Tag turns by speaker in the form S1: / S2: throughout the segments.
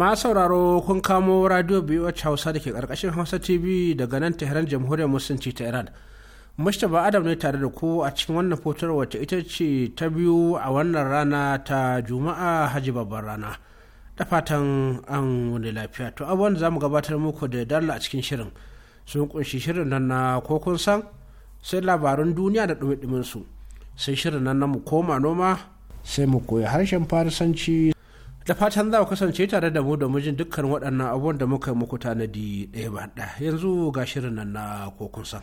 S1: ma sauraro kun kamo radio biyu hausa da ke karkashin hausa tv daga nan tehran jamhuriyar musulunci ta iran mustapha adam ne tare da ku a cikin wannan fotar wacce ita ce ta biyu a wannan rana ta juma'a haji babban rana da fatan an wani lafiya to abubuwan za mu gabatar muku da dalla a cikin shirin sun kunshi shirin nan na ko kun san sai labarun duniya da dumi su sai shirin nan na mu koma noma sai mu koyi harshen farisanci da fatan za ku kasance tare da mu domin jin dukkan waɗannan abubuwan da muka muku tanadi ɗaya ba ɗaya yanzu ga shirin nan na kokun san.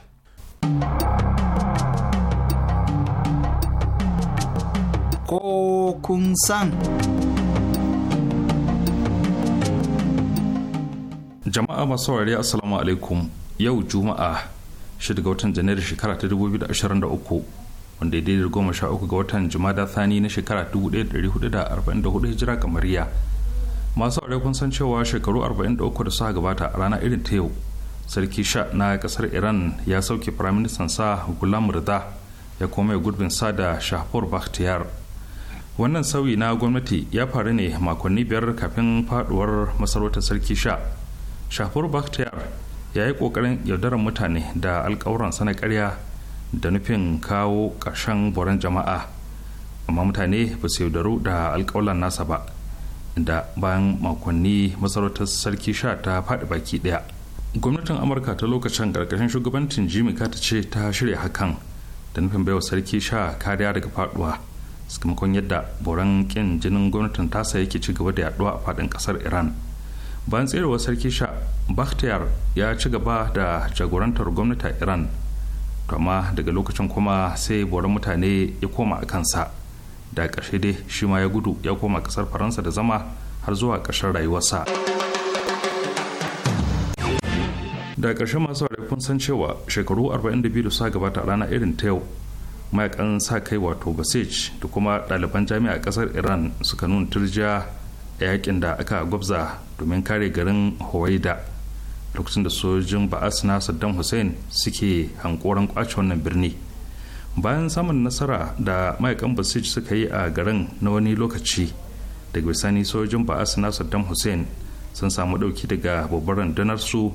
S2: Kokun san. Jama'a masu saurari Assalamu alaikum yau Juma'a 6 ga watan Janairu shekara ta 2023 wanda daidai goma sha uku ga watan jumada thani na shekara 1444 hijira kamariya masu aure kun san cewa shekaru 43 da suka gabata a rana irin ta yau sarki sha na kasar iran ya sauke firaministan sa gulam rida ya kuma gurbin sa da shahpur bakhtiyar wannan sauyi na gwamnati ya faru ne makonni biyar kafin faduwar masarautar sarki sha shahpur bakhtiyar ya yi kokarin yaudarar mutane da alkawuransa na karya da nufin kawo ƙarshen boran jama'a amma mutane ba su yaudaru da alkawalan nasa ba da bayan makonni masarautar sarki sha ta faɗi baki ɗaya gwamnatin amurka ta lokacin ƙarƙashin shugabancin jimmy carter ce ta shirya hakan da nufin baiwa sarki sha kariya daga faɗuwa sakamakon yadda boran ƙin jinin gwamnatin tasa yake ci gaba da yaduwa a faɗin ƙasar iran bayan tserewar sarki sha bakhtiyar ya ci gaba da jagorantar gwamnatin iran amma daga lokacin kuma sai boran mutane ya koma a kansa da ƙarshe dai shi ma ya gudu ya koma ƙasar faransa da zama har zuwa ƙarshen rayuwarsa da ƙarshe masu ware kun san cewa shekaru 42 da suka gabata rana irin ta yau mayakan sa kai wato basej da kuma ɗaliban jami'a a ƙasar iran suka nuna turjiya a yakin da aka gwabza domin kare garin da. lokacin da sojojin ba'as na saddam hussein suke hankoran kwace wannan birni bayan samun nasara da mayakan basij suka yi a garin na wani lokaci daga bisani sojojin ba'as na saddam hussein sun samu dauki daga babbar rundunar su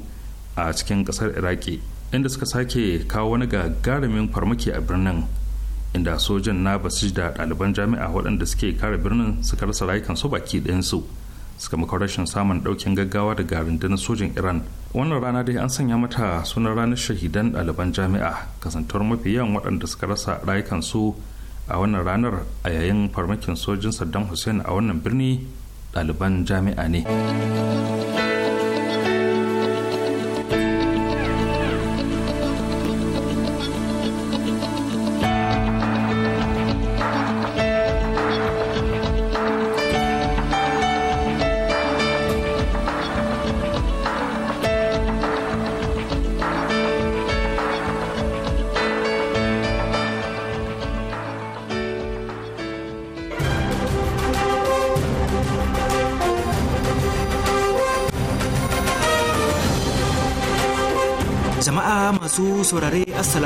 S2: a cikin kasar iraki inda suka sake kawo wani gagarumin farmaki a birnin inda sojan na basij da ɗaliban jami'a waɗanda suke kare birnin suka rasa rayukansu baki ɗayansu su maka rashin samun daukin gaggawa daga rundunar sojin iran wannan rana dai an sanya mata sunan ranar shahidan ɗaliban jami'a kasantar mafi yawan waɗanda suka rasa rayukansu a wannan ranar a yayin farmakin sojin saddam hussein a wannan birni ɗaliban jami'a ne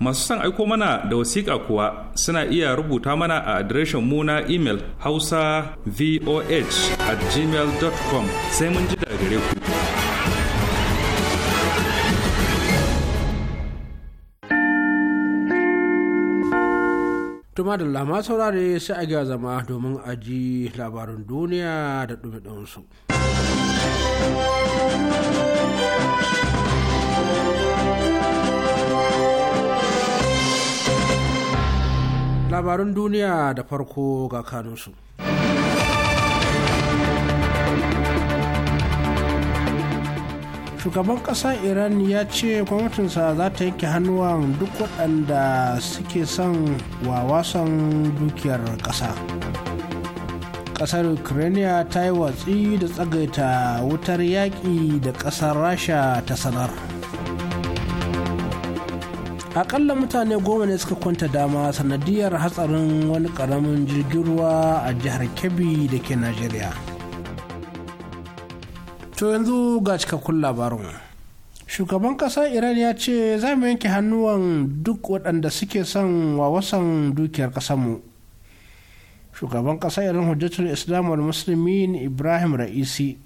S2: masu son aiko mana da wasiƙa kuwa suna iya rubuta mana a adireshin mu na imel hausa voh at gmail.com sai
S1: mun ji daga gare ku. Tuma da lama saurare sai a ga zama domin aji labarin duniya da ɗumi su. labarun duniya da farko ga kanunsu shugaban ƙasar iran ya ce gwamnatinsa za ta yanke hannuwan duk waɗanda suke son wa wasan dukiyar ƙasa ƙasar ukraine ta yi watsi da tsagaita wutar yaƙi da ƙasar rasha ta sanar akalla mutane goma ne suka kwanta dama sanadiyar hatsarin wani karamin jirgin ruwa a jihar kebbi da ke najeriya to yanzu ga cikakkun labarin shugaban kasar iran ya ce za mu yanke hannuwan duk waɗanda suke son wawasan dukiyar ƙasarmu shugaban kasar iran hujjatul islam musulmin ibrahim ra'isi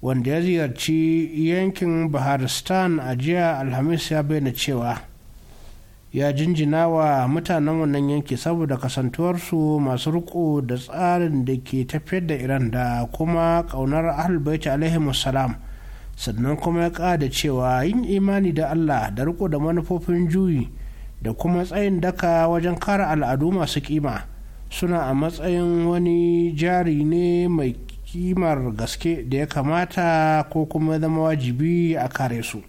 S1: wanda ya ziyarci yankin baharistan a jiya alhamis ya bayyana cewa ya jinjina wa mutanen wannan yanki saboda kasantuwarsu masu riko da tsarin da ke tafiyar da iran da kuma kaunar ahalbaita alaihi salam sannan kuma ya kada cewa yin imani da allah da riko da manufofin juyi da kuma tsayin daka wajen kara al'adu masu kima suna a matsayin wani jari ne mai kimar gaske da ya kamata ko kuma zama wajibi a kare su.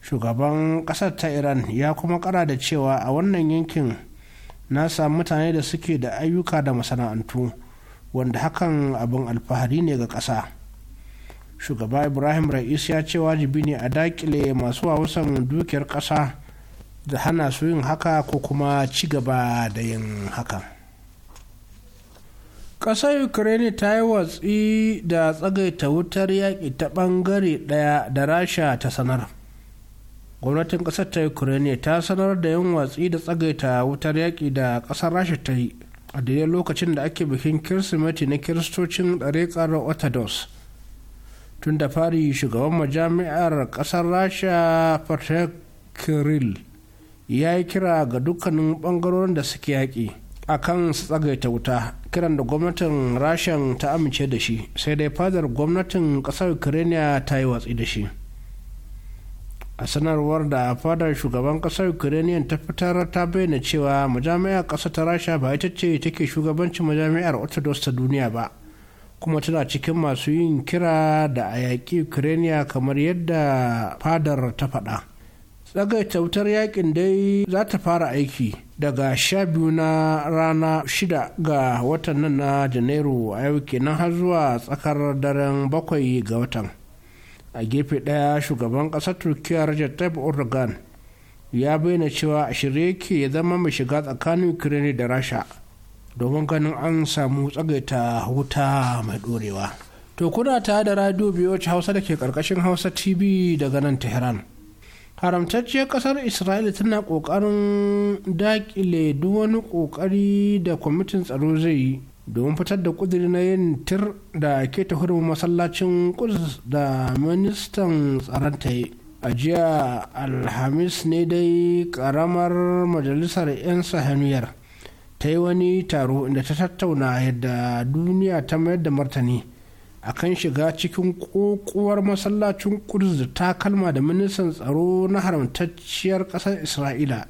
S1: shugaban kasar ta iran ya kuma kara da cewa a wannan yankin na samu mutane da suke da ayyuka da masana'antu wanda hakan abin alfahari ne ga ƙasa shugaba ibrahim ra'is ya ce wajibi ne a dakile masu wawasan dukiyar ƙasa da hana su yin haka ko kuma ci gaba da yin haka. ƙasar ukraine ta yi watsi da tsagaita wutar yaƙi ta ɓangare ɗaya da rasha ta sanar gwamnatin kasar ta ukraine ta sanar da yin watsi da tsagaita wutar yaƙi da ƙasar rasha ta yi a daidai lokacin da ake bikin kirsimeti na kiristocin ɗariƙar orthodox tun da fari shugaban majami'ar ƙasar rasha patrick kirill ya yi kira ga dukkanin ɓangarorin da suke yaƙi a kan su tsagaita wuta kiran da gwamnatin rashan ta amince da shi sai dai fadar gwamnatin ƙasar ukraine ta yi watsi da shi a sanarwar da fadar shugaban kasar ukrainian ta fitar ta bayyana cewa majami'ar ƙasar ta rasha ba ita ce take shugabancin majami'ar orthodox ta duniya ba kuma tana cikin masu yin kira da a yaƙi ukrainia kamar yadda fadar ta faɗa tsagaita wutar yakin dai za ta fara aiki daga sha biyu na rana shida ga watan nan na janairu a yau kenan har zuwa tsakar daren bakwai ga watan a gefe ɗaya shugaban ƙasar turkiya rajab tayyip erdogan ya bayyana cewa a shirye yake ya zama mai shiga tsakanin ukraine da rasha domin ganin an samu tsagaita wuta mai ɗorewa to kuna tare da radio biyu hausa da ke ƙarƙashin hausa tv daga nan tehran haramtacciyar kasar isra'ila tana kokarin dakile duk wani kokari da kwamitin tsaro zai yi domin fitar da kudiri na yin tir da ke ta hurumin masallacin kudus da ministan tsaron ta yi a jiya alhamis ne dai karamar majalisar 'yan sahaniyar ta yi wani taro inda ta tattauna yadda duniya ta mayar da martani kan shiga cikin kokowar masallacin kudus da takalma da ministan tsaro na haramtacciyar ƙasar isra'ila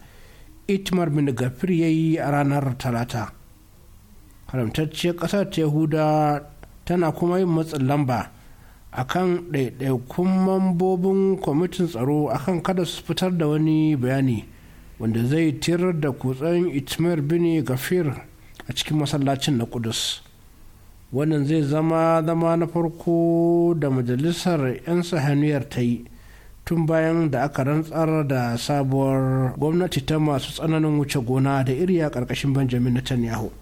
S1: itmar bin gafir ya yi a ranar talata haramtacciyar ƙasar ta yahuda tana kuma yin matsin lamba a kan ɗaiɗaikun mambobin kwamitin tsaro akan kada su fitar da wani bayani wanda zai tirar da kutsen itmir bini gafir a cikin masallacin na kudus wannan zai zama zama na farko da majalisar 'yan sahaniyar ta yi tun bayan da aka rantsar da sabuwar gwamnati ta masu tsananin wuce gona da iri a ƙarƙashin benjamin netanyahu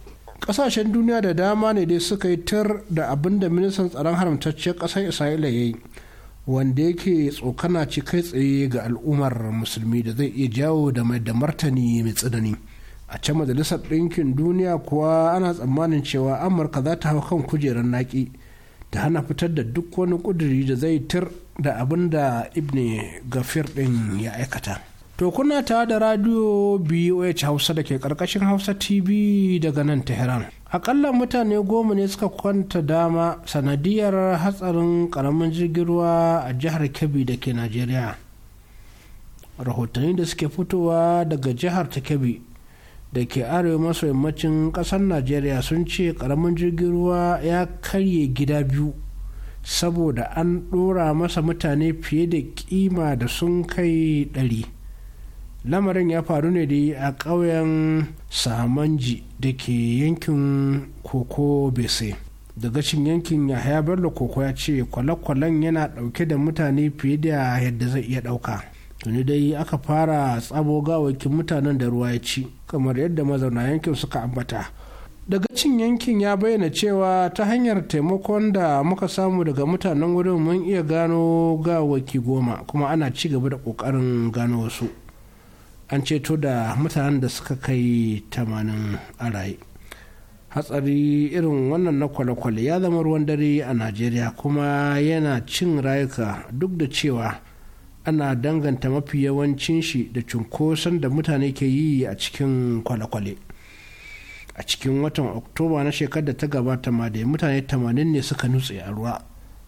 S1: kasashen duniya da dama ne dai suka yi tir da abin da ministan tsaron haramtacciyar ƙasar isra'ila ya yi wanda yake tsokana ce kai tsaye ga al'ummar musulmi da zai iya jawo da mai da martani mai tsanani a can majalisar ɗinkin duniya kuwa ana tsammanin cewa amurka za ta hau kan kujerar naƙi ta hana fitar da duk wani ƙuduri da zai tir da abin da ibne gafir ɗin ya aikata To kuna ta da radio BOH Hausa da ke karkashin Hausa TV daga nan Tehran. Akalla mutane goma ne suka kwanta dama sanadiyar hatsarin karamin jirgin ruwa a jihar Kebbi da ke Najeriya. Rahotanni da suke fitowa daga jihar ta Kebbi da ke arewa maso yammacin ƙasar Najeriya sun ce karamin jirgin ruwa ya karye gida biyu. saboda an ɗora masa mutane fiye da kima da sun kai ɗari. lamarin ya faru ne dai a ƙauyen samanji da ke yankin koko bese daga cin yankin yahaya bello koko ya ce kwale-kwalen yana ɗauke da mutane fiye da yadda zai iya ɗauka tuni dai aka fara tsabo gawakin mutanen da ruwa ya ci kamar yadda mazauna yankin suka ambata daga cin yankin ya bayyana cewa ta hanyar taimakon da muka samu daga mutanen wurin mun iya gano gawaki goma kuma ana ci gaba da kokarin gano wasu an ceto da mutanen da suka kai tamanin a raye hatsari irin wannan na kwale-kwale ya zama ruwan dare a najeriya kuma yana cin rayuka duk da cewa ana danganta mafi yawancin shi da cunkoson da mutane ke yi a cikin kwale-kwale a cikin watan oktoba na shekarar da ta gabata ma da mutane 80 ne suka nutse a ruwa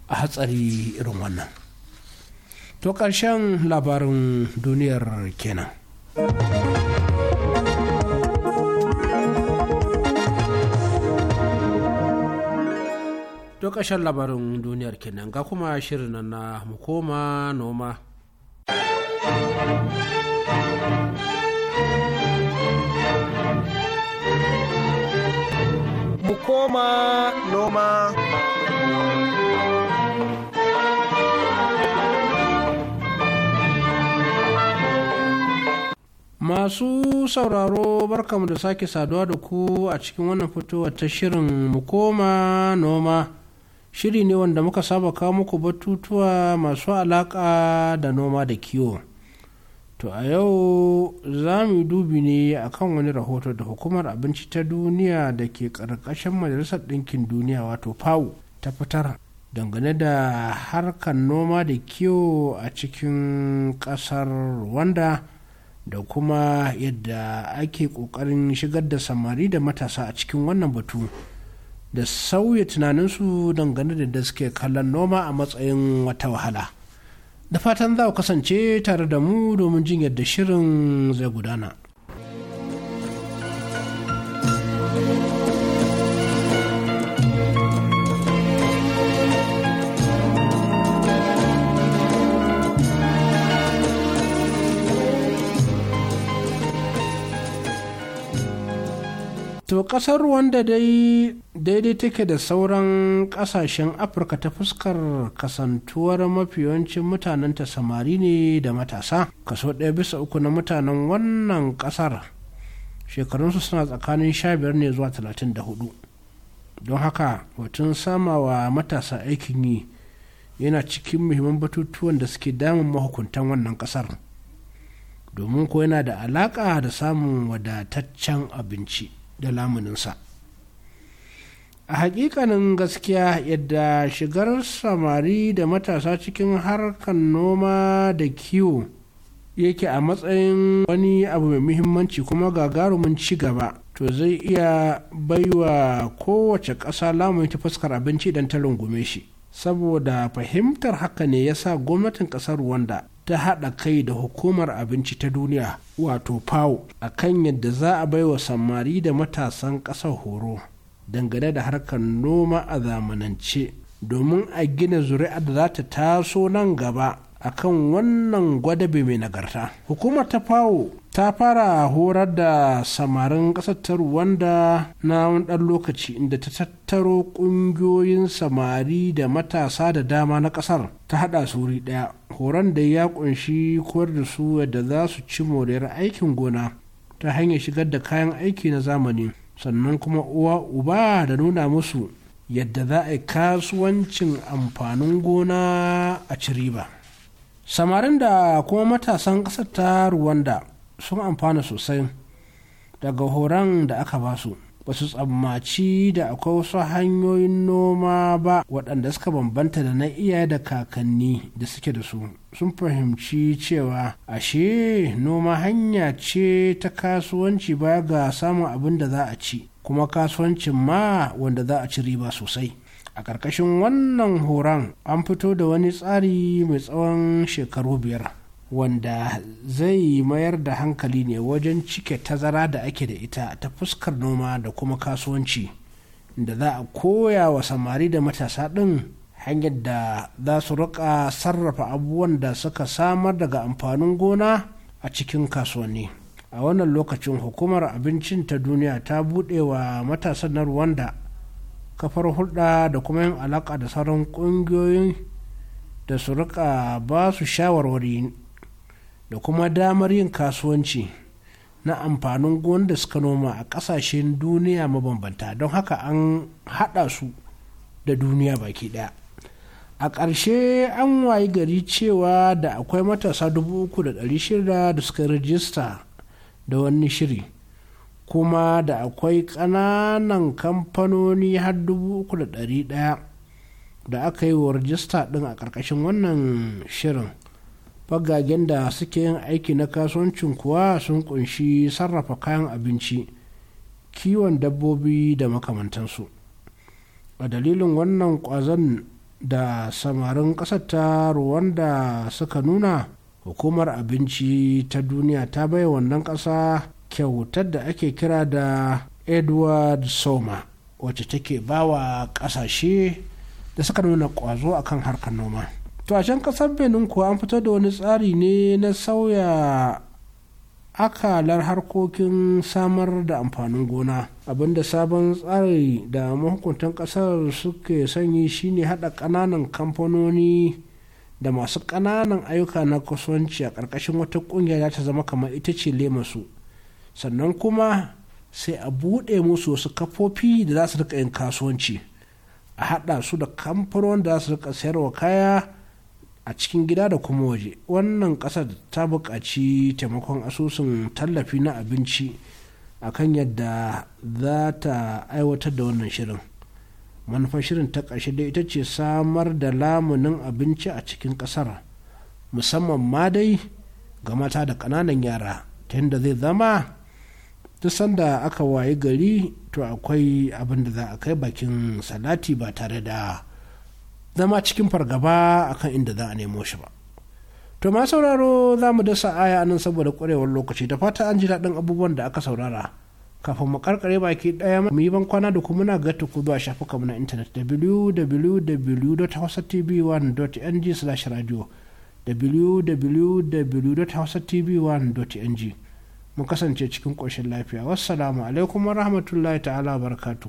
S1: a hatsari irin wannan to karshen labarin duniyar kenan To ƙashen labarin duniyar kenan ga kuma shirin na mu koma noma. Mu noma. Masu sauraro barkamu da sake saduwa da ku a cikin wannan fitowar ta shirin mu koma noma. Shiri ne wanda muka saba kawo muku batutuwa masu alaka da noma da kiwo. To a yau za mu dubi ne akan wani rahoto da hukumar abinci ta duniya da ke ƙarƙashin majalisar ɗinkin duniya wato pawu ta fitar dangane da harkar noma da kiwo a cikin ƙasar Rwanda. da kuma yadda ake kokarin shigar da samari da matasa a cikin wannan batu da sauya tunaninsu dangane da da suke kallon noma a matsayin wata wahala da fatan za a kasance tare da mu domin jin yadda shirin zai gudana. To ƙasar wanda dai daidai take da sauran ƙasashen Afirka ta fuskar kasantuwar mafi yawancin mutanenta samari ne da matasa. Kaso ɗaya bisa uku na mutanen wannan ƙasar shekarunsu suna tsakanin sha biyar ne zuwa talatin da hudu. Don haka hoton sama wa matasa aikin yi yana cikin muhimman batutuwan da suke damun mahukuntan wannan ƙasar. Domin ko yana da alaƙa da samun wadataccen abinci. da lamuninsa a hakikanin gaskiya yadda shigar samari da matasa cikin harkar noma da kiwo yake a matsayin wani abu mai muhimmanci kuma gagarumin ci gaba to zai iya baiwa kowace ƙasa lamuni ta fuskar abinci idan ta rungume shi saboda fahimtar haka ne ya sa gwamnatin ƙasar wanda. ta haɗa kai da hukumar abinci ta duniya wato fao a kan yadda za a baiwa samari da matasan ƙasar horo dangane da harkar noma a zamanance domin a gina zuri'a da za ta taso nan gaba akan wannan gwadabe mai nagarta hukumar ta fawo ta fara horar da samarin ƙasar wanda na wani ɗan lokaci inda ta tattaro ƙungiyoyin samari da matasa da dama na ƙasar ta haɗa su wuri ɗaya. Horon da ya ƙunshi koyar da su yadda za su ci moriyar aikin gona ta hanyar shigar da kayan aiki na zamani sannan kuma uwa uba da nuna musu yadda za a yi kasuwancin amfanin gona a ciriba. Samarin da kuma matasan ƙasar ta Rwanda sun amfana sosai daga horon da aka ba su ba su tsammaci da akwai wasu hanyoyin noma ba waɗanda suka bambanta da na iyaye da kakanni da suke da su sun fahimci cewa ashe noma hanya ce ta kasuwanci baya ga samun abin da za a ci kuma kasuwancin ma wanda za a ci riba sosai a ƙarƙashin wannan horon an fito da wani tsari mai tsawon shekaru biyar wanda zai mayar da hankali ne wajen cike tazara da ake da ita ta fuskar noma da kuma kasuwanci da za a koya wa samari da matasa ɗin hanyar da za su rika sarrafa abubuwan da suka samar daga amfanin gona a cikin kasuwanni a wannan lokacin hukumar abincin ta duniya ta buɗe wa matasan na rwanda kafar hulɗa da kuma yin alaƙa da sauran ƙungiyoyin da su rika ba su shawarwari da kuma damar yin kasuwanci na amfanin gona da suka noma a kasashen duniya mabambanta don haka an haɗa su da duniya baki ɗaya a ƙarshe an wayi gari cewa da akwai matasa shida da suka rajista da wani shiri kuma da akwai ƙananan kamfanoni har ɗaya da aka yi wa rajista ɗin a ƙarƙashin wannan shirin fagagen da suke yin aiki na kasuwancin kuwa sun kunshi sarrafa kayan abinci kiwon dabbobi da makamantansu a dalilin wannan kwazon da samarin ƙasar ta rwanda suka nuna hukumar abinci ta duniya ta bai wannan ƙasa kyautar da ake kira da edward soma wacce take bawa ƙasashe da suka nuna ƙwazo akan harkar noma to a can kasar benin kuwa an fito da wani tsari ne na sauya akalar harkokin samar da amfanin gona abinda sabon tsari da mahukuntan kasar suke sanyi shine hada kananan kamfanoni da masu kananan ayyuka na kasuwanci a ƙarƙashin wata ƙungiya za ta zama kamar ita ce lemasu sannan kuma sai a buɗe musu wasu kafofi da za su rika yin kasuwanci a haɗa su da kamfanon da za su rika sayarwa kaya a cikin gida da kuma waje wannan kasar ta buƙaci taimakon asusun tallafi na abinci a kan yadda za ta aiwatar da wannan shirin manufar shirin ta ƙarshe da ita ce samar da lamunin abinci a cikin ƙasar musamman ma dai ga mata da ƙananan yara ta yadda zai zama ta sanda aka wayi gari to akwai abin da za a kai bakin salati ba tare da zama cikin fargaba akan inda za a nemo shi ba to ma sauraro za mu dasa aya nan saboda kwarewar lokaci da fata an ji daɗin abubuwan da aka saurara kafin mu karkare baki ɗaya mu yi ban kwana da kuma na ga ku zuwa shafukanmu na intanet www.hausatv1.ng slash radio www.hausatv1.ng mu kasance cikin ƙoshin lafiya wassalamu alaikum wa rahmatullahi ta'ala barakatuh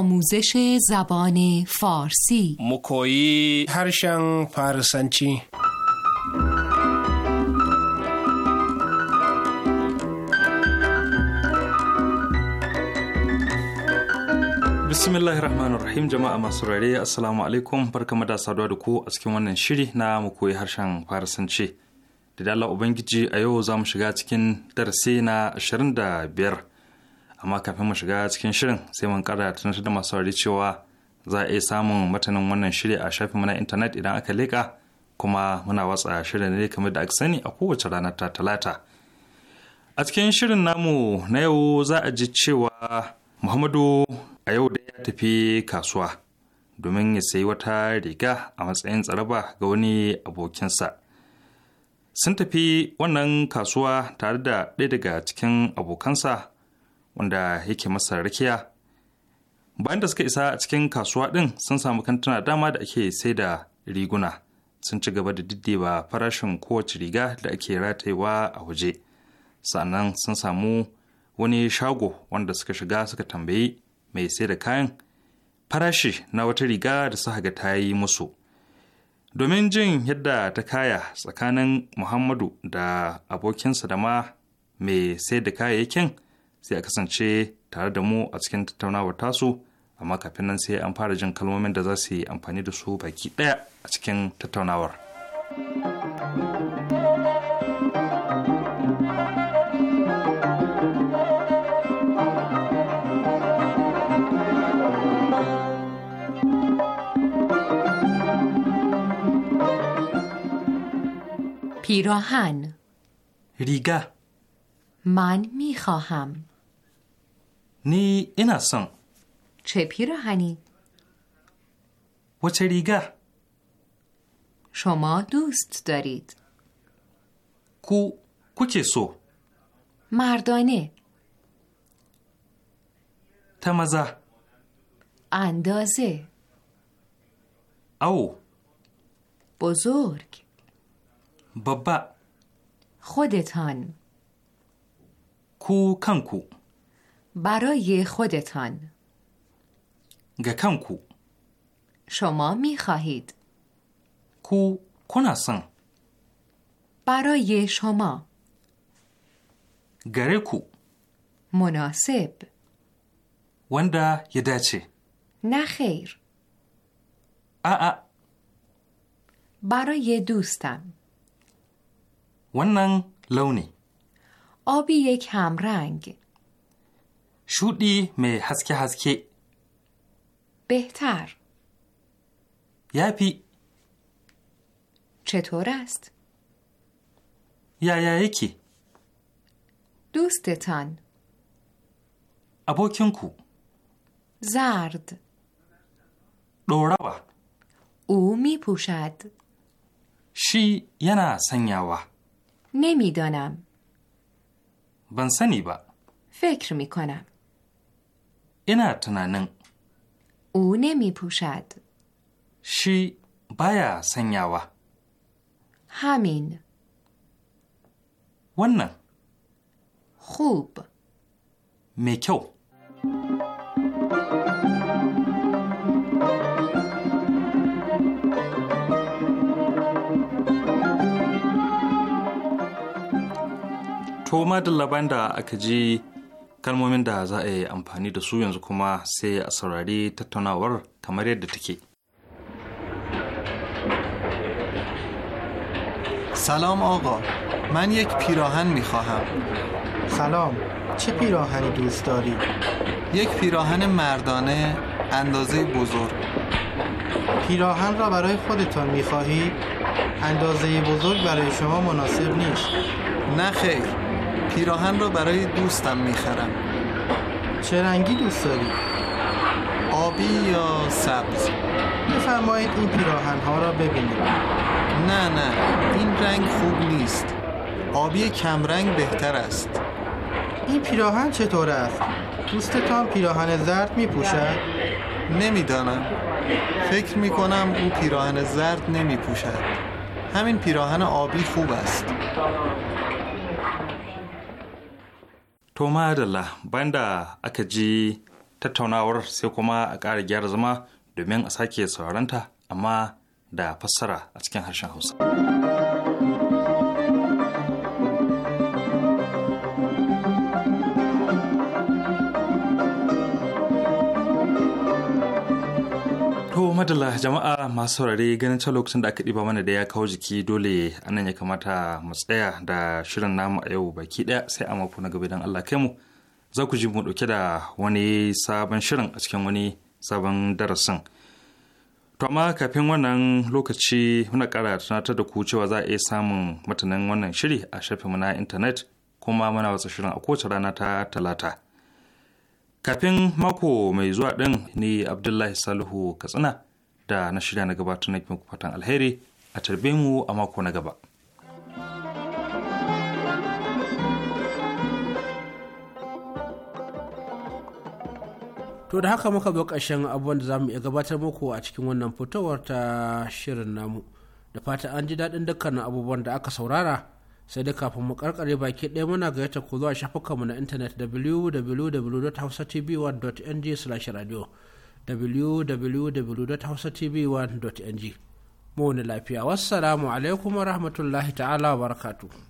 S3: آموزش زبان فارسی
S1: مکویی هرشن فارسنچی
S2: bismillahir rahmanir rahim jama'a masu rare assalamu alaikum barka mada saduwa da ku a cikin wannan shiri na mu koyi harshen farisanci da dala ubangiji a yau za mu shiga cikin darasi na ashirin da biyar. amma kafin mu shiga cikin shirin sai mun kara tunatar da masu cewa za a iya samun matanin wannan shiri a shafin na intanet idan aka leka kuma muna watsa shirin ne kamar da aka sani a kowace rana ta talata a cikin shirin namu na yau za a ji cewa muhammadu a yau da ya tafi kasuwa domin ya sayi wata riga a matsayin tsaraba ga wani abokinsa sun tafi wannan kasuwa tare da ɗaya daga cikin abokansa wanda yake masa rakiya bayan da suka isa a cikin kasuwa ɗin sun samu kantuna dama da ake sai da riguna sun ci gaba da diddeba farashin kowace riga da ake ratayewa a waje sannan sun samu wani shago wanda suka shiga suka tambayi mai sai da kayan farashi na wata riga da suka ga ta yi musu domin jin yadda ta kaya tsakanin muhammadu da abokinsa da ma mai sai da kayayyakin sai a kasance tare da mu a cikin tattaunawar tasu amma kafin nan sai an fara jin kalmomin da za su yi amfani da su baki ɗaya a cikin tattaunawar.
S3: پیراهن riga. من میخواهم
S2: نی اینا سن
S3: چه پیراهنی؟
S2: وچه ریگه
S3: شما دوست دارید
S2: کو چه سو
S3: مردانه تمزه اندازه او بزرگ بابا خودتان
S2: کو کنکو
S3: برای خودتان کو شما می خواهید کو کناسن برای شما گرکو مناسب
S2: وندا یداچه
S3: نه خیر آ برای دوستم
S2: ونن لونی
S3: آبی یک رنگ
S2: شودی می هسکه هسکه
S3: بهتر یپی چطور است؟
S2: یا یا یکی
S3: دوستتان
S2: ابوکینکو
S3: زرد با. او می پوشد
S2: شی ینا سنیاوا
S3: نمیدانم
S2: بنسنی با
S3: فکر می کنم
S2: ina tunanin.
S3: O mi pushad?
S2: Shi baya sanyawa. Hamin. Wannan.
S3: Hub.
S2: Me kyau. Toma da labanda aka ji kalmomin da za a yi amfani da su yanzu kuma sai سلام آقا من یک پیراهن میخواهم سلام چه پیراهنی دوست داری؟ یک پیراهن مردانه
S1: اندازه بزرگ پیراهن را برای خودتان می اندازه بزرگ برای شما مناسب نیست نه خیر
S2: پیراهن رو برای دوستم میخرم چه رنگی دوست داری؟ آبی یا سبز بفرمایید این پیراهن ها را ببینید نه نه این رنگ خوب نیست آبی کمرنگ بهتر است این پیراهن چطور است؟ دوستتان پیراهن زرد می پوشد؟ نمیدانم فکر می کنم او پیراهن زرد نمی پوشد همین پیراهن آبی خوب است To madalla da aka ji tattaunawar sai kuma a ƙara gyara zama domin a sake sauranta amma da fassara a cikin harshen Hausa. madalla jama'a masu saurare ganin can lokacin da aka ɗiba mana da ya kawo jiki dole anan ya kamata mu tsaya da shirin namu a yau baki ɗaya sai a mako na gaba don Allah kai mu za ku ji mu ɗauke da wani sabon shirin a cikin wani sabon darasin. To amma kafin wannan lokaci muna ƙara tunatar da ku cewa za a iya samun matanin wannan shiri a shafinmu na intanet kuma muna watsa shirin a kowace rana ta talata. Kafin mako mai zuwa ɗin ne Abdullahi Salihu Katsina da na shirya na gabatar na muku fatan alheri a tarbe mu a mako na gaba.
S1: To da haka muka zo ƙarshen abubuwan da za mu iya gabatar muku a cikin wannan fitowar ta shirin namu. Da fata an ji daɗin dukkanin abubuwan da aka saurara sai da kafin mu karkare baki ɗaya muna gayyata ku zuwa shafukanmu na intanet www.hausatv1.ng/radio www.hausatv1.ng mu wani lafiya wassalamu alaikum wa rahmatullahi ta'ala wa